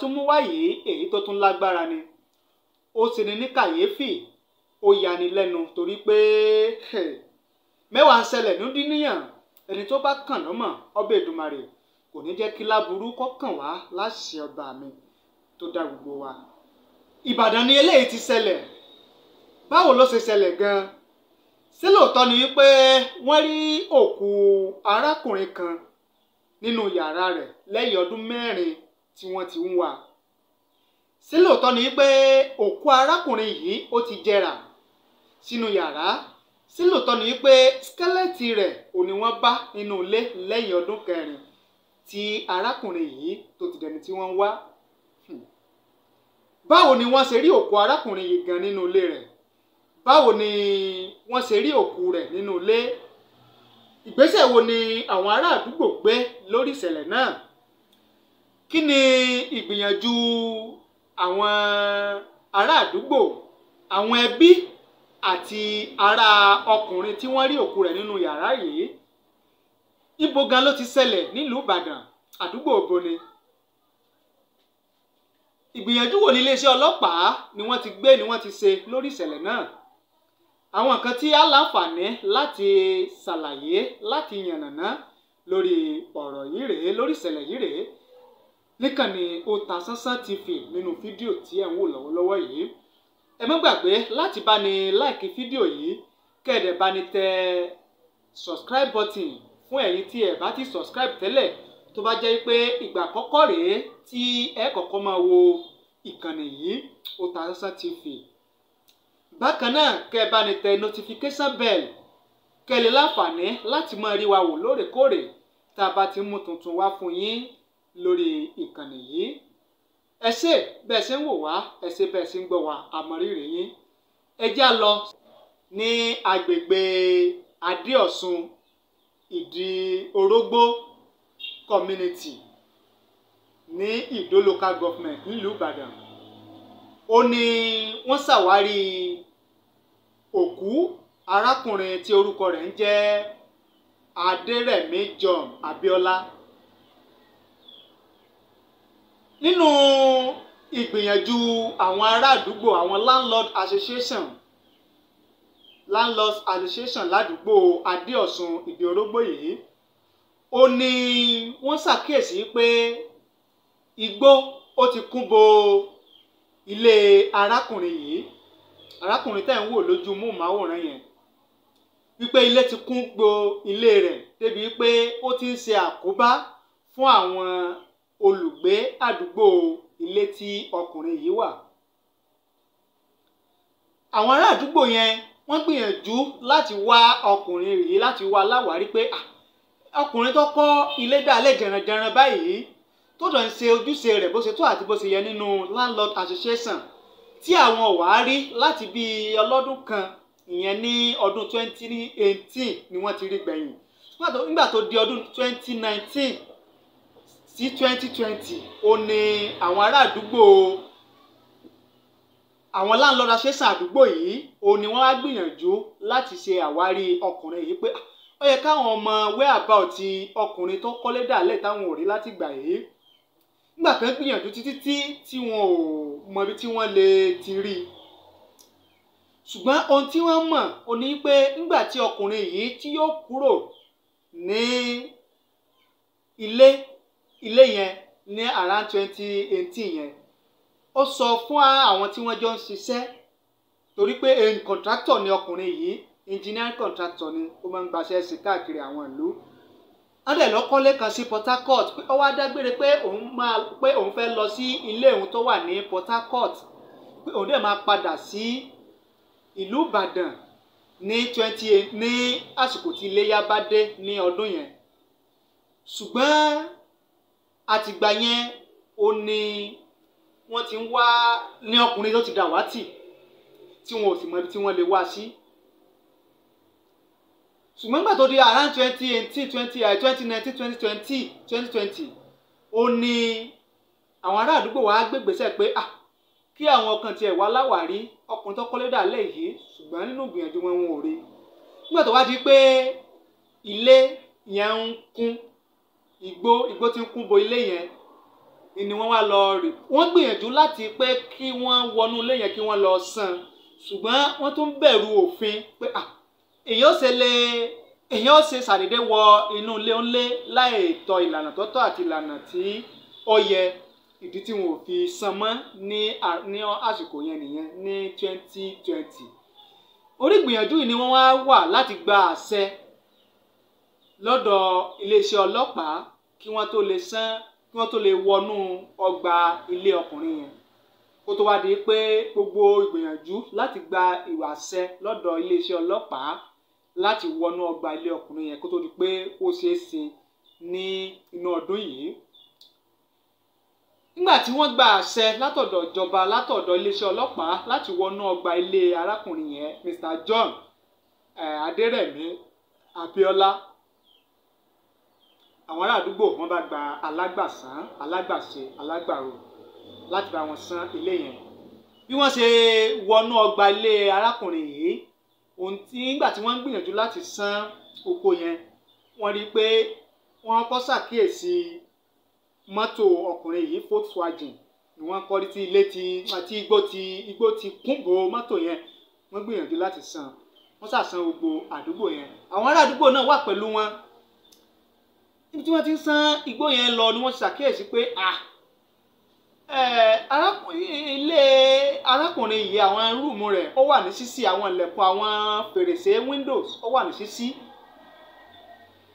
tún mú wá yìí èyí tó tún lágbára ni ó sì ní ní kàyéfì ó yani lẹ́nu torí pé mẹ́wàá ń ṣẹlẹ̀ nídìí níyàn ẹni tó bá kàn lọ́mọ̀ ọbẹ̀ Èdùmàrè kò ní jẹ́ kí láburú kọ́ kàn wá láṣẹ ọba mi tó dá gbogbo wa. Ìbàdàn ni eléyìí ti ṣẹlẹ̀ báwo ló ṣe ṣẹlẹ̀ gan-an ṣé lóòótọ́ ni wípé wọ́n rí òkú arákùnrin kan nínú yàrá rẹ̀ lẹ́yìn ọdún mẹ́rin tí wọ́n ti ń wà. ṣé lóòótọ́ ni pé òkú arákùnrin yìí ó ti jẹrà sínú yàrá ṣé lóòótọ́ ni pé skẹ́lẹ́tì rẹ̀ ò ní wọ́n bá nínú ilé lẹ́yìn ọdún kẹrin tí arákùnrin yìí tó ti dẹni tí wọ́n ń wá. Hmm. báwo ni wọ́n ṣe rí òkú arákùnrin yìí gan nínú ilé rẹ̀ báwo ni wọ́n ṣe rí òkú rẹ̀ nínú ilé ìgbésẹ̀ wo ni àwọn ará àdúgbò gbé lórí ìṣẹ̀lẹ̀ náà kí ni ìgbìyànjú àwọn ará àdúgbò àwọn ẹbí àti ará ọkùnrin tí wọ́n rí òkú rẹ̀ nínú yàrá yìí ibo gan ló ti ṣẹlẹ̀ nílùú Ìbàdàn àdúgbò òbo ni ìgbìyànjú wo ní iléeṣẹ́ ọlọ́pàá ni wọ́n ti gbé ni wọ́n ti ṣe lórí ìṣẹ̀lẹ̀ náà àwọn nǹkan tí a láǹfààní láti ṣàlàyé láti yànnàná lórí ọ̀rọ̀ yìí rèé lórí ìṣẹ̀lẹ̀ yìí rèé níkànnì Otasansan TV nínú fídíò tí ẹ̀ ń wò lọ́wọ́lọ́wọ́ yìí ẹ má gbàgbé láti bá ní láìkí fídíò yìí kẹ̀dẹ̀ bá ní tẹ subscribe button fún ẹ̀yin tí ẹ̀ bá ti subscribe tẹ́lẹ̀ tó bá jẹ́ pé ìgbà àkọ́kọ́ rèé tí ẹ kọ́kọ́ máa wo ìkànnì yìí Otasansan TV bákan náà kẹ́ ẹ bá ní tẹ notification bell kẹ́ ẹ lè láǹfààní láti máa rí wa wò lóòrèkóòrè tá a bá ti mú tuntun wá fún yín lórí ìkànnì yìí ẹ ṣé bẹ́ẹ̀ ṣe ń wò wá ẹ ṣé bẹ́ẹ̀ ṣe ń gbọ́ wá àmọ̀rírì yín ẹ já lọ ní agbègbè adéọ̀sùn ìdí orógbó community ní ìdó local government nílùú ìbàdàn ó ní wọ́n ṣàwárí òkú arákùnrin tí orúkọ rẹ̀ ń jẹ́ adérẹ̀mí john abíọ́lá nínú ìgbìyànjú àwọn ará àdúgbò àwọn landlord association landlord association ládùúgbò adéọ̀sùn ìdíorógbó yìí ó ní wọ́n ṣàkíyèsí pé igbó ó ti kún bo ilé arákùnrin yìí arákùnrin tẹ́ ń wò lójú móhùnmáwòrán yẹn wípé ilé ti kún bo ilé rẹ̀ débi pé ó ti ń ṣe àkóbá fún àwọn olùgbé àdúgbò ilé tí ọkùnrin yìí wà. àwọn ará àdúgbò yẹn wọ́n gbìyànjú láti wá ọkùnrin yìí láti wá láwárí pé ọkùnrin tó kọ́ ilé dálẹ̀ jẹranjẹran báyìí tó dọ̀ ń ṣe ojúṣe rẹ̀ bó ṣe tó àti bó ṣe yẹ nínú landlord association tí àwọn ọ̀wá rí láti bí ọlọ́dún kan ìyẹn ní ọdún 2018 ni wọ́n ti rí gbẹ̀yìn nígbà tó di ọdún 2019 sí 2020 twenty ó ní àwọn ará àdúgbò àwọn láńlọ́dà ṣẹ́sàn àdúgbò yìí ó ni wọ́n á gbìyànjú láti ṣe àwárí ọkùnrin yìí pé ah, ó yẹ káwọn ọmọ whereabout ọkùnrin tó kọ́lé dàlẹ̀ táwọn ò rí láti gbà yìí nígbà kan gbìyànjú títí tí tí wọn ò mọ ibi tí wọ́n lè ti rí i ṣùgbọ́n ohun tí wọ́n mọ̀ ò ní pé nígbà tí ọkùnrin yìí tí yóò kúrò ní ilé ilé yẹn ní around twenty eighteen yẹn ó sọ fún àwọn tí wọ́n jọ ń ṣiṣẹ́ torí pé contractor ni ọkùnrin yìí engineer contractor ni ó máa ń gbaṣẹ́ sí káàkiri àwọn ìlú wọ́n dẹ̀ lọ́kọ́lé kan sí Port Harcourt ó wá dágbére pé òun máa pé òun fẹ́ lọ sí ilé òun tó wà ní Port Harcourt pé òun dẹ̀ máa padà sí ìlú Ìbàdàn ní twenty eight ní àsìkò tí iléyà bá dé ní ọdún yẹn ṣùgbọ́n àtìgbà yẹn ó ní wọ́n ti ń wá ní ọkùnrin tó ti dàwátì tí wọn ò sì mọ ibi tí wọ́n lè wá sí ṣùgbọ́n nígbà di around twenty eighteen twenty eh, twenty nineteen twenty twenty twenty twenty ó ní àwọn ará àdúgbò wa gbégbèsè pé ah kí àwọn kan tiẹ̀ wá láwàárí ọkùnrin tó kọ́lé dàlẹ́ yìí ṣùgbọ́n nínú ìgbìyànjú wọn wọn ò rí nígbà wá di pé ilé yẹn ń kún igbó igbó ti ń kún bo ilé yẹn ni wọ́n wá lọ rè wọ́n gbìyànjú láti pé kí wọ́n wọnú ilé yẹn kí wọ́n lọ san ṣùgbọ́n wọ́n tún bẹ̀rù òfin pé èèyàn ṣe lè èèyàn ṣe ṣàdédé wọ inú ilé ńlé láì tọ ìlànà tó tọ́ àti ìlànà tí ó yẹ ìdí tí wọn ò fi san mọ́ ní ní àsìkò yẹn nìyẹn ní twenty twenty orí ìgbìyànjú yìí ni wọ́n wá wà láti gba àṣẹ lọ́dọ̀ iléeṣẹ́ ọlọ́pàá kí wọ́n tó lè sán kí wọ́n tó lè wọnú ọgbà ilé ọkùnrin yẹn kó tó wá di pé gbogbo ìgbìyànjú láti gba ìwàṣẹ lọ́dọ̀ iléeṣẹ́ ọlọ́pàá láti wọnú ọgbà ilé ọkùnrin yẹn kó tó di pé ó ṣeé ṣe ní inú ọdún yìí nígbà tí wọ́n gba àṣẹ látọ̀dọ̀ ìjọba látọ̀dọ̀ iléeṣẹ́ ọlọ́pàá láti wọnú ọgbà ilé arákùnrin yẹn Mr. John eh, Adérẹ̀mí Abíọ́lá àwọn ará àdúgbò wọn bá gba alágbàsán alágbàṣe alágbàro láti bá wọn san ilé yẹn bí wọ́n ṣe wọnú ọgbà ilé arákùnrin yìí ohun tí nígbà tí wọ́n ń gbìyànjú láti san oko yẹn wọ́n rí i pé wọ́n kọ́ ṣàkíyèsí mọ́tò ọkùnrin yìí Volkswagen ni wọ́n kọ́ tí ilé ti àti igbó ti igbó ti kúnbò mọ́tò yẹn wọ́n gbìyànjú láti san wọ́n ṣàṣàn gbogbo àdúgbò yẹn àwọn ará àdúgbò náà wà pẹ̀lú wọn níbi tí wọ́n ti ń sán igbó yẹn lọ ni wọ́n ṣàkíyèsí pé ilé arákùnrin yìí àwọn rúùmù rẹ̀ ó wà ní ṣíṣí àwọn ilẹ̀kùn àwọn fèrèsé windows ó wà ní ṣíṣí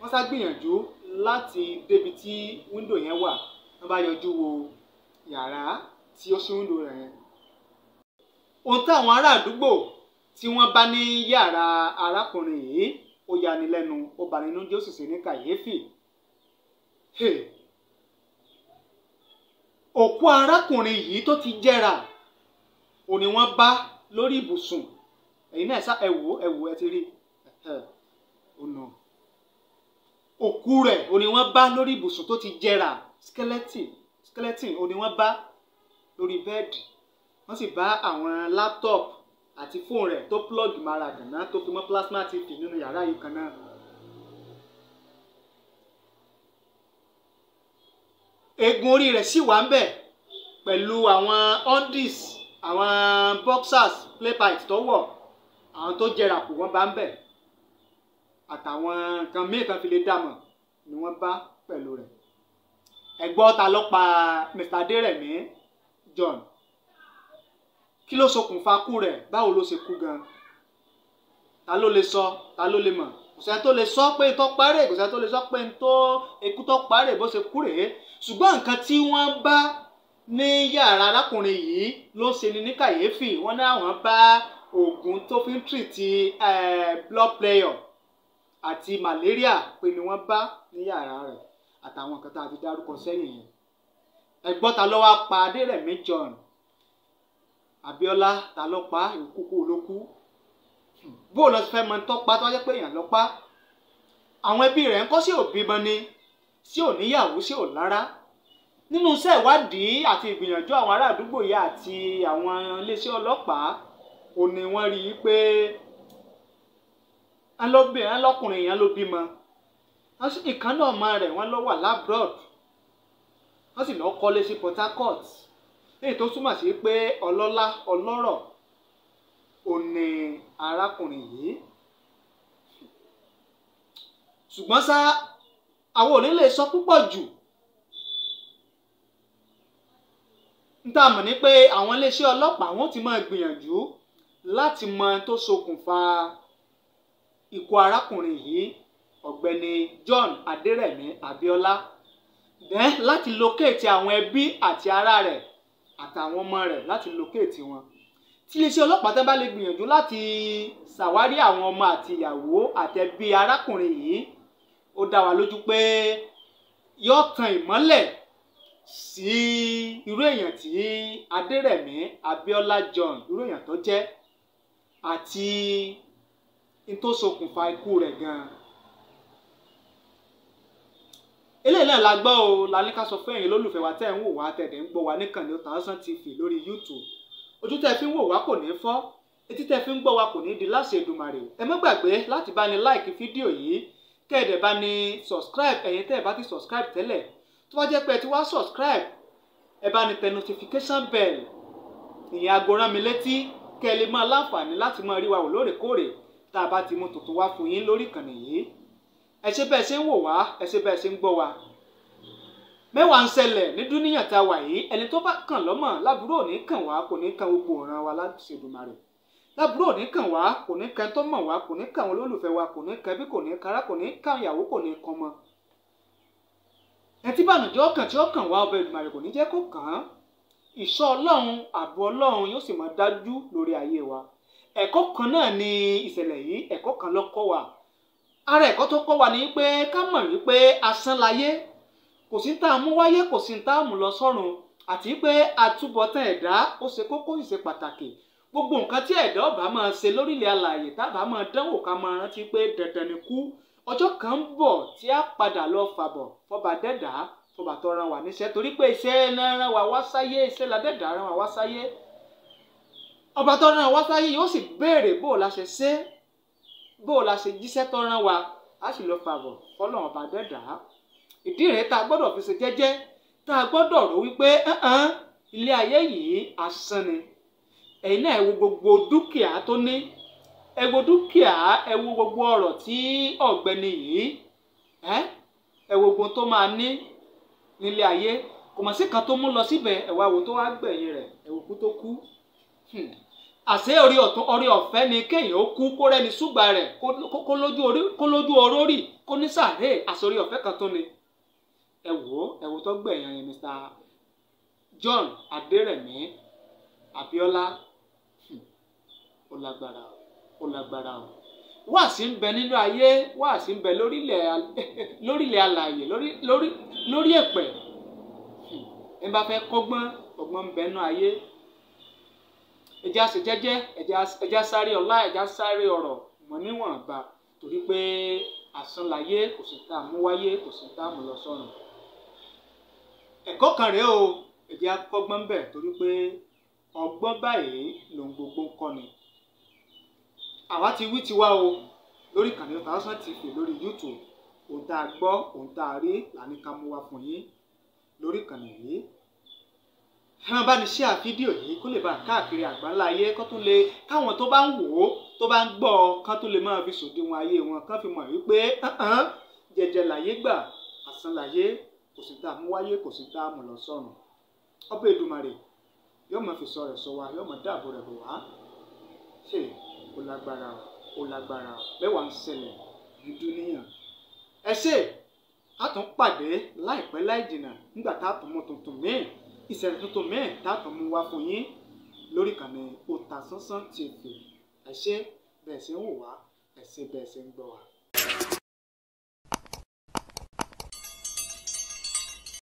wọ́n sá gbìyànjú láti débi tí window yẹn wà wọ́n bá yọjú wo yàrá tí ó ṣí window rẹ̀ yẹn ohun táwọn ará àdúgbò tí wọ́n bá ní yàrá arákùnrin yìí ó yani ó bani nínú ní kàyéfì Hmm. òkú arákùnrin yìí tó ti jẹrà ò ní wọ́n bá lórí ibùsùn ẹ̀yin náà sá ẹ̀wò ẹ̀wò ẹ ti rí ọ̀nà òkú rẹ̀ ò ní wọ́n bá lórí ibùsùn tó ti jẹrà skeleton skeleton ò ní wọ́n bá lórí bẹ́ẹ̀dì wọ́n sì bá àwọn laptop àti fóònù rẹ̀ tó plug máradàná tó fi mọ́ plasma tv nínú yàrá yìí kan náà. eegun orí rẹ̀ sì wà ń bẹ̀ pẹ̀lú àwọn undies àwọn boxers playpipe tó wọ̀ àwọn tó jẹrà kù wọ́n bá ń bẹ̀ àtàwọn nǹkan míì kan fi lè dàmọ̀ ni wọ́n bá pẹ̀lú rẹ̀ ẹ̀gbọ́n ta ló pa Mr. Adérẹ̀mí John kí ló ṣokùnfà kú rẹ̀ báwo ló ṣe kú gan ta ló lè sọ ta ló lè mọ̀ kò sẹ́ni tó lè sọ pé tó parẹ́ kò sẹ́ni tó lè sọ pé tó ikú tó parẹ́ bó ṣe kú rèé ṣùgbọ́n nǹkan tí wọ́n bá ní yàrá arákùnrin yìí ló ṣe ni ní kàyéfì wọ́n ní àwọn bá oògùn tó fi ń tìrìtì blood player àti malaria pé ni wọ́n bá ní yàrá rẹ̀ àtàwọn nǹkan tá a ti dárúkọ sẹ́yìn yẹn ẹ̀gbọ́n ta ló wá pa Adérẹ̀mí John abiola ta ló pa ìkúkú olókú bó lọ fẹ́ mọ tọ́pa tó wáyé pé èèyàn lọ́pá àwọn ẹbí rẹ̀ ń kọ́ sí òbímọ ni sí òníyàwó sí òlára nínú iṣẹ́ ìwádìí àti ìgbìyànjú àwọn ará àdúgbò yìí àti àwọn iléeṣẹ́ ọlọ́pàá ò ní wọ́n rí i pé ẹlọ́bìnrin ẹlọ́kùnrin yẹn ló bímọ ìkan náà ọmọ rẹ̀ wọ́n lọ wà labroad wọ́n sì lọ́ọ́ kọ́lé sí Port Harcourt lẹ́yìn tó túmọ̀ sí pé ọlọ́lá ọlọ́rọ̀ ó ní arákùnrin yìí ṣùgbọ́n ṣá àwọn ò ní lè sọ púpọ̀ jù níta mọ̀ ní pé àwọn iléeṣẹ́ ọlọ́pàá wọ́n ti máa gbìyànjú láti mọ tó ṣokùnfà ikú arákùnrin yìí ọ̀gbẹ́ni John Adérẹ̀mí Abíọ́lá láti locate àwọn ẹbí àti ará rẹ̀ àtàwọn ọmọ rẹ̀ láti locate wọn tí iléeṣẹ́ ọlọ́pàá tẹ́ bá lè gbìyànjú láti ṣàwárí àwọn ọmọ àti ìyàwó àtẹ̀bí arákùnrin yìí ó dá wa lójú pé yóò tan ìmọ́lẹ̀ sí irú èèyàn tí Adérẹ̀mí Abíọ́lá John irú èèyàn tó jẹ́ àti n tó ṣokùnfà ikú rẹ̀ gan-an eléyìí náà la gbọ́ o la ká sọ fún ẹ̀yin lólùfẹ́ wa tẹ́ ń wò wá tẹ̀dẹ̀ ń gbọ́ wa níkànnì Otasansan TV lórí YouTube ojú tẹ́ fi ń wò wá kò ní fọ́ etí tẹ́ fi ń gbọ́ wa kò ní di láṣẹ Èdùmàrè ẹ má gbàgbé láti bá ní láìkí fídíò yìí tẹ́ ẹ̀ dẹ̀ bá ní subscribe ẹ̀yin tẹ́ ẹ̀ bá ti subscribe tẹ́lẹ̀ tó bá jẹ́ pé ẹ ti wá subscribe ẹ bá ní tẹ notification bell ìyẹn aago rán mi létí kẹ́ ẹ lè máa láǹfààní láti máa rí wa wò lóòrèkóòrè tá a bá ti mú tuntun wá fún yín lórí ìkànnì yìí ẹ ṣé bẹ́ẹ̀ ṣe ń wò wá ẹ ṣé bẹ́ẹ̀ ṣe ń gbọ́ wa mẹ́wàá ń ṣẹlẹ̀ ní dúníyàn tá a wà yìí ẹni tó bá kàn lọ́mọ̀ lábúrò ní kàn wá kò ní kan gbogbo ọ̀ràn wa láṣẹ̀dùmarè lábúrò ní kàn wá kò ní kan tó mọ̀ wá kò ní kan olólùfẹ́ wa kò ní kan bí kò ní kara kò ní kan ìyàwó kò ní kan mọ́ ẹtí bànújẹ́ ọkàn tí ó kàn wá ọbẹ̀ Èdùmàrè kò ní jẹ́ kó kàn án ìṣọ́ Ọlọ́run ààbò Ọlọ́run yóò sì máa dájú lórí ayé wa ẹ̀kọ́ kan náà ni ìṣẹ̀lẹ̀ yìí ẹ̀kọ́ kan ló kọ́ wa ara ẹ̀kọ́ tó kọ́ wa ni pé ká mọ̀ wípé asán láyé kò sí tá a mú wáyé kò sí tá a mú lọ sọ́run àti pé àtúbọ̀tán ẹ̀dá ó ṣe kókó ìṣe pàtàkì gbogbo nǹkan tí ẹ̀dá ọba máa ṣe lórílẹ̀ alààyè tábà máa dánwò ká máa rántí pé dandan ni kú ọjọ́ kan ń bọ̀ tí a padà lọ fàbọ̀ fọba dẹ́dà fọba tó ran wà níṣẹ́ torí pé iṣẹ́ ran wa wá sáyé iṣẹ́ la dẹ́dà ran wa wá sáyé ọba tó ran wa sáyé yóò sì béèrè bó o la ṣe ṣe bó o la ṣe jíṣẹ́ tó ran wa a sì lọ fàbọ̀ fọlọ́run ọba dẹ́dà ìdí rẹ̀ tá a gbọ́dọ̀ fi ṣe jẹ́jẹ́ tá a gbọ́dọ̀ rò wípé ilé ayé yìí asán ni ẹ̀yin náà ẹ wo gbogbo dúkìá tó ní ẹ wo dúkìá ẹ wo gbogbo ọ̀rọ̀ tí ọ̀gbẹ́ni yìí ẹ wo gbogbo tó máa ní nílé ayé kò mọ̀ sí kan tó mú lọ síbẹ̀ ẹ̀wà wo tó wá gbẹ̀yìn rẹ̀ ẹ̀wò kú tó kú hmm. àṣé orí ọ̀tún orí ọ̀fẹ́ ni kéèyàn ó kú kó rẹ́ni súgbà rẹ̀ kó lójú orórì kó ní sàárè àṣorí ọ̀fẹ́ kan tó ni ẹ wò ó ẹ wò tó gbẹ̀yìn ẹ̀yìn Mr. John Adérẹ̀mí Abíọ́lá ó hmm, lágbára ó lágbára o wáàsí ń bẹ nínú ayé wáàsí ń bẹ lórílẹ̀ lórílẹ̀ alààyè lórí lórí lórí ẹ̀pẹ̀ hmm, ẹ bá fẹ́ kọ́gbọ́n ọgbọ́n ń bẹ nínú ayé ẹja ṣe jẹ́jẹ́ ẹja sáré ọlá ẹja sáré ọ̀rọ̀ mọ̀ níwọ̀nba torí pé àsánláyé kò sí tá a mú wáyé kò sí tá a mú lọ sọ́run ẹ̀kọ́ kan rèé o èdè akọ́gbọ́n ń bẹ̀ torí pé ọgbọ́n báyìí lòun gbogbo ń kọ́ni àwa ti wí tiwa o lórí ìkànnì Otasansan TV lórí YouTube ohun tá a gbọ́ ohun tá a rí là ní ká mú wá fún yín lórí ìkànnì yìí ẹ máa bá ní ṣíà fídíò yìí kó lè bá káàkiri àgbáńlá ayé kó tó lè káwọn tó bá ń wò ó tó bá ń gbọ́ ọ kán tó lè máa fi sòdiwọ̀n ayé wọn kán fi mọ̀ wípé jẹjẹ làyé gbà àsán làyé kò sì dáa mú wáyé kò sì dáa mú lọ sọ́run ọba Èdùmàrè yóò máa fi sọ rẹ̀ sọ wa yóò máa dáàbò rẹ̀ bò wá ṣe ó lágbára ó lágbára mẹ́wàá ń ṣẹlẹ̀ dúdú níyàn ẹ ṣe a tún pàdé láìpẹ́ láì jìnnà nígbà tá a tún mú tuntun míì ìṣẹ̀lẹ̀ tuntun míì tá a tún mú wá fún yín lórí ìkànnì Otasansan TV ẹ ṣe bẹ́ẹ̀ ṣe ń wò wá ẹ ṣe bẹ́ẹ̀ ṣe ń gbọ́ wá.